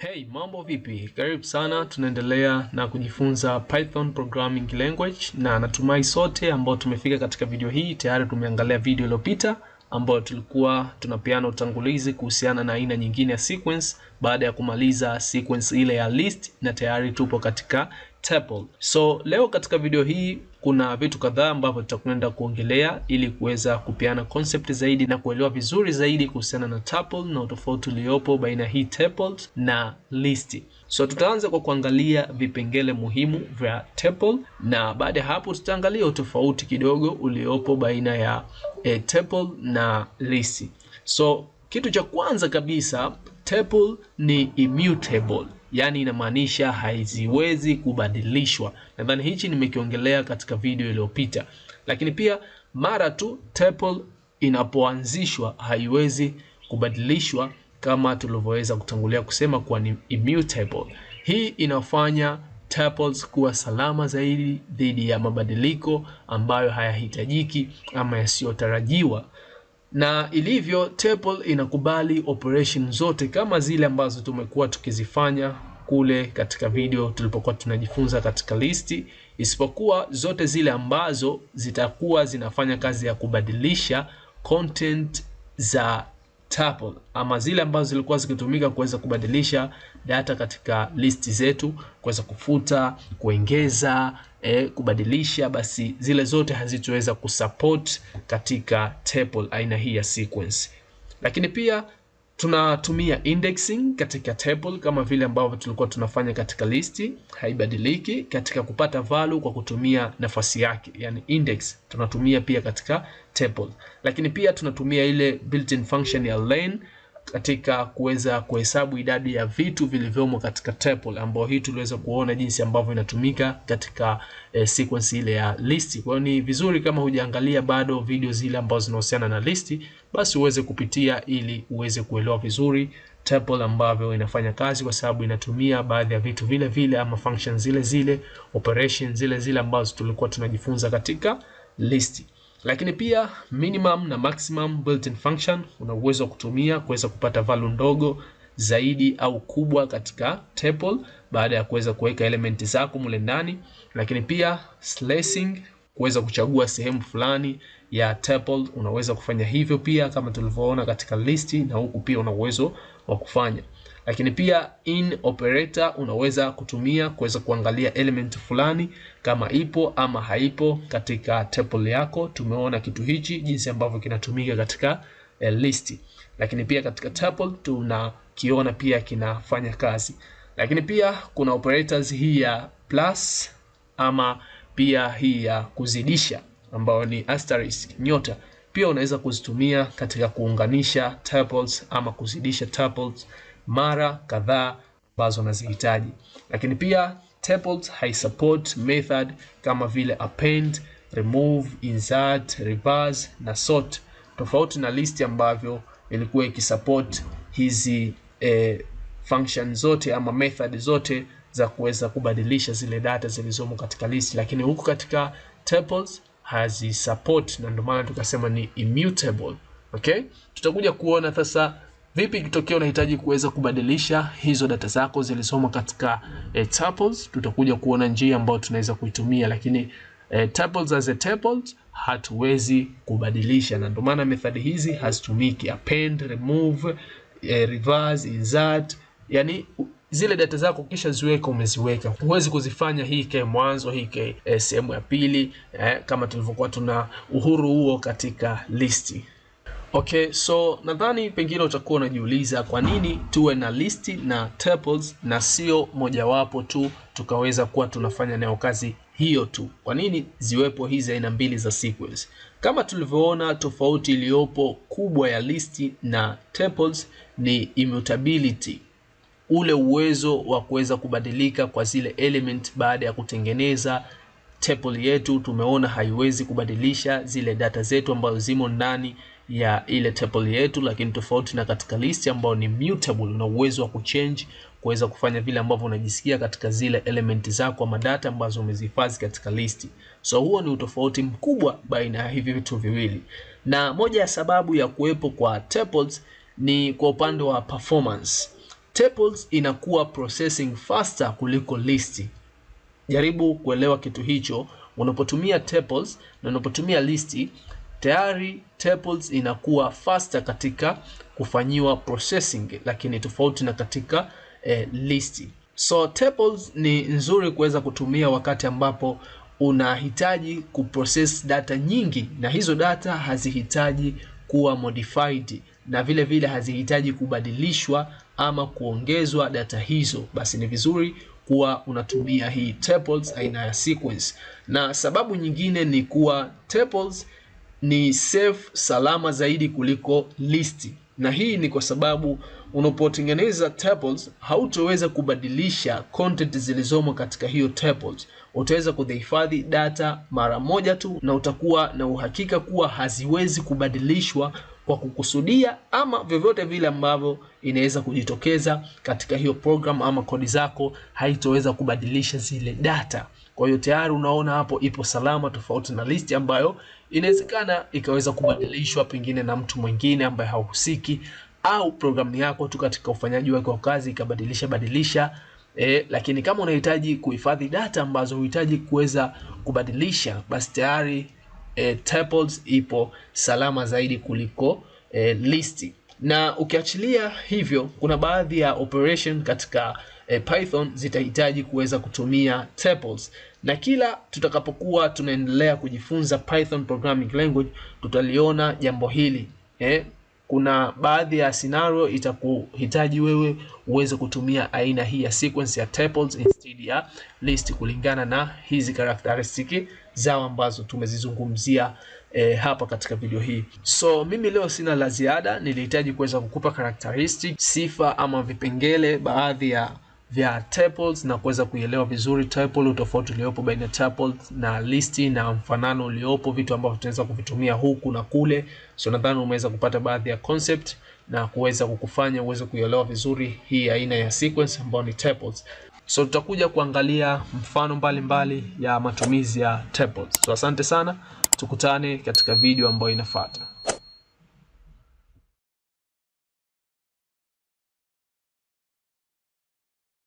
Hey, mambo vipi? Karibu sana, tunaendelea na kujifunza Python programming language, na natumai sote ambao tumefika katika video hii tayari tumeangalia video iliyopita ambayo tulikuwa tunapeana utangulizi kuhusiana na aina nyingine ya sequence baada ya kumaliza sequence ile ya list, na tayari tupo katika tuple. So leo katika video hii kuna vitu kadhaa ambavyo tutakwenda kuongelea ili kuweza kupeana concept zaidi na kuelewa vizuri zaidi kuhusiana na tuple na utofauti uliopo baina hii tuple na list. So tutaanza kwa kuangalia vipengele muhimu vya tuple na baada ya hapo tutaangalia utofauti kidogo uliopo baina ya e, tuple na list. So kitu cha kwanza kabisa tuple ni immutable yani inamaanisha haziwezi kubadilishwa. Nadhani hichi nimekiongelea katika video iliyopita, lakini pia mara tu tuple inapoanzishwa haiwezi kubadilishwa kama tulivyoweza kutangulia kusema kuwa ni immutable. Hii inafanya tuples kuwa salama zaidi dhidi ya mabadiliko ambayo hayahitajiki ama yasiyotarajiwa na ilivyo tuple inakubali operation zote kama zile ambazo tumekuwa tukizifanya kule katika video tulipokuwa tunajifunza katika listi, isipokuwa zote zile ambazo zitakuwa zinafanya kazi ya kubadilisha content za tuple, ama zile ambazo zilikuwa zikitumika kuweza kubadilisha data katika listi zetu, kuweza kufuta, kuongeza eh, kubadilisha, basi zile zote hazitoweza kusupport katika tuple aina hii ya sequence. Lakini pia tunatumia indexing katika tuple kama vile ambavyo tulikuwa tunafanya katika listi, haibadiliki katika kupata value kwa kutumia nafasi yake, yani index tunatumia pia katika tuple. Lakini pia tunatumia ile built-in function ya len katika kuweza kuhesabu idadi ya vitu vilivyomo katika tuple, ambayo hii tuliweza kuona jinsi ambavyo inatumika katika e, sequence ile ya listi. Kwa hiyo ni vizuri kama hujaangalia bado video zile ambazo zinahusiana na listi, basi uweze kupitia ili uweze kuelewa vizuri tuple ambavyo inafanya kazi, kwa sababu inatumia baadhi ya vitu vile vile ama function zile zile operation zile zile ambazo tulikuwa tunajifunza katika listi. Lakini pia minimum na maximum built-in function una uwezo wa kutumia kuweza kupata value ndogo zaidi au kubwa katika tuple baada ya kuweza kuweka elementi zako mule ndani, lakini pia slicing kuweza kuchagua sehemu fulani ya tuple unaweza kufanya hivyo pia kama tulivyoona katika listi, na huku pia una uwezo wa kufanya lakini pia in operator unaweza kutumia kuweza kuangalia element fulani kama ipo ama haipo katika tuple yako. Tumeona kitu hichi jinsi ambavyo kinatumika katika eh, list, lakini pia katika tuple tunakiona pia kinafanya kazi. Lakini pia kuna operators hii ya plus ama pia hii ya kuzidisha ambayo ni asterisk nyota, pia unaweza kuzitumia katika kuunganisha tuples ama kuzidisha tuples mara kadhaa ambazo unazihitaji, lakini pia Tables haisupport method kama vile append, remove, insert, reverse na sort, tofauti na list ambavyo ilikuwa ikisupport hizi eh, function zote ama method zote za kuweza kubadilisha zile data zilizomo katika list, lakini huku katika Tables support, na ndio maana tukasema ni immutable. Okay, tutakuja kuona sasa Vipi ikitokea unahitaji kuweza kubadilisha hizo data zako zilizomo katika e, tuples, tutakuja kuona njia ambayo tunaweza kuitumia, lakini e, tuples as a tuples hatuwezi kubadilisha, na ndio maana methodi hizi hazitumiki append, remove, e, reverse, insert, yani zile data zako kisha ziweka umeziweka, huwezi kuzifanya hii ikae mwanzo hii ikae sehemu ya pili eh, kama tulivyokuwa tuna uhuru huo katika listi. Okay, so nadhani pengine utakuwa unajiuliza kwa nini tuwe na listi na tuples na sio mojawapo tu tukaweza kuwa tunafanya nayo kazi hiyo tu. Kwa nini ziwepo hizi aina mbili za sequence? Kama tulivyoona, tofauti iliyopo kubwa ya listi na tuples ni immutability, ule uwezo wa kuweza kubadilika kwa zile element baada ya kutengeneza tuple yetu. Tumeona haiwezi kubadilisha zile data zetu ambazo zimo ndani ya ile tuple yetu, lakini tofauti na katika list ambayo ni mutable, una uwezo wa kuchange kuweza kufanya vile ambavyo unajisikia katika zile element zako ama data ambazo umezihifadhi katika listi. So huo ni utofauti mkubwa baina ya hivi vitu viwili, na moja ya sababu ya kuwepo kwa tuples ni kwa upande wa performance. Tuples inakuwa processing faster kuliko list. Jaribu kuelewa kitu hicho. Unapotumia tuples na unapotumia listi tayari tuples inakuwa faster katika kufanyiwa processing, lakini tofauti na katika eh, listi. So tuples ni nzuri kuweza kutumia wakati ambapo unahitaji kuprocess data nyingi, na hizo data hazihitaji kuwa modified na vile vile hazihitaji kubadilishwa ama kuongezwa data hizo, basi ni vizuri kuwa unatumia hii tuples aina ya sequence. Na sababu nyingine ni kuwa tuples ni safe, salama zaidi kuliko listi, na hii ni kwa sababu unapotengeneza tuples hautoweza kubadilisha content zilizomo katika hiyo tuples. Utaweza kuhifadhi data mara moja tu na utakuwa na uhakika kuwa haziwezi kubadilishwa kwa kukusudia ama vyovyote vile ambavyo inaweza kujitokeza katika hiyo program ama kodi zako haitoweza kubadilisha zile data. Kwa hiyo tayari unaona hapo ipo salama, tofauti na listi ambayo inawezekana ikaweza kubadilishwa pengine na mtu mwingine ambaye hauhusiki, au programu yako tu katika ufanyaji wake wa kazi ikabadilisha badilisha E, lakini kama unahitaji kuhifadhi data ambazo huhitaji kuweza kubadilisha, basi tayari e, eh, tuples ipo salama zaidi kuliko e, listi. Na ukiachilia hivyo, kuna baadhi ya operation katika e, Python zitahitaji kuweza kutumia tuples, na kila tutakapokuwa tunaendelea kujifunza Python programming language tutaliona jambo hili eh? kuna baadhi ya scenario itakuhitaji wewe uweze kutumia aina hii ya sequence ya tuples instead ya list kulingana na hizi characteristic zao ambazo tumezizungumzia e, hapa katika video hii. So mimi leo sina la ziada, nilihitaji kuweza kukupa characteristic, sifa ama vipengele baadhi ya vya tuples na kuweza kuielewa vizuri tuple, utofauti uliopo baina ya tuples na listi na mfanano uliopo, vitu ambavyo tunaweza kuvitumia huku na kule. So nadhani umeweza kupata baadhi ya concept na kuweza kukufanya uweze kuielewa vizuri hii aina ya sequence ambayo ni tuples. So tutakuja kuangalia mfano mbalimbali mbali ya matumizi ya tuples. So asante sana, tukutane katika video ambayo inafuata.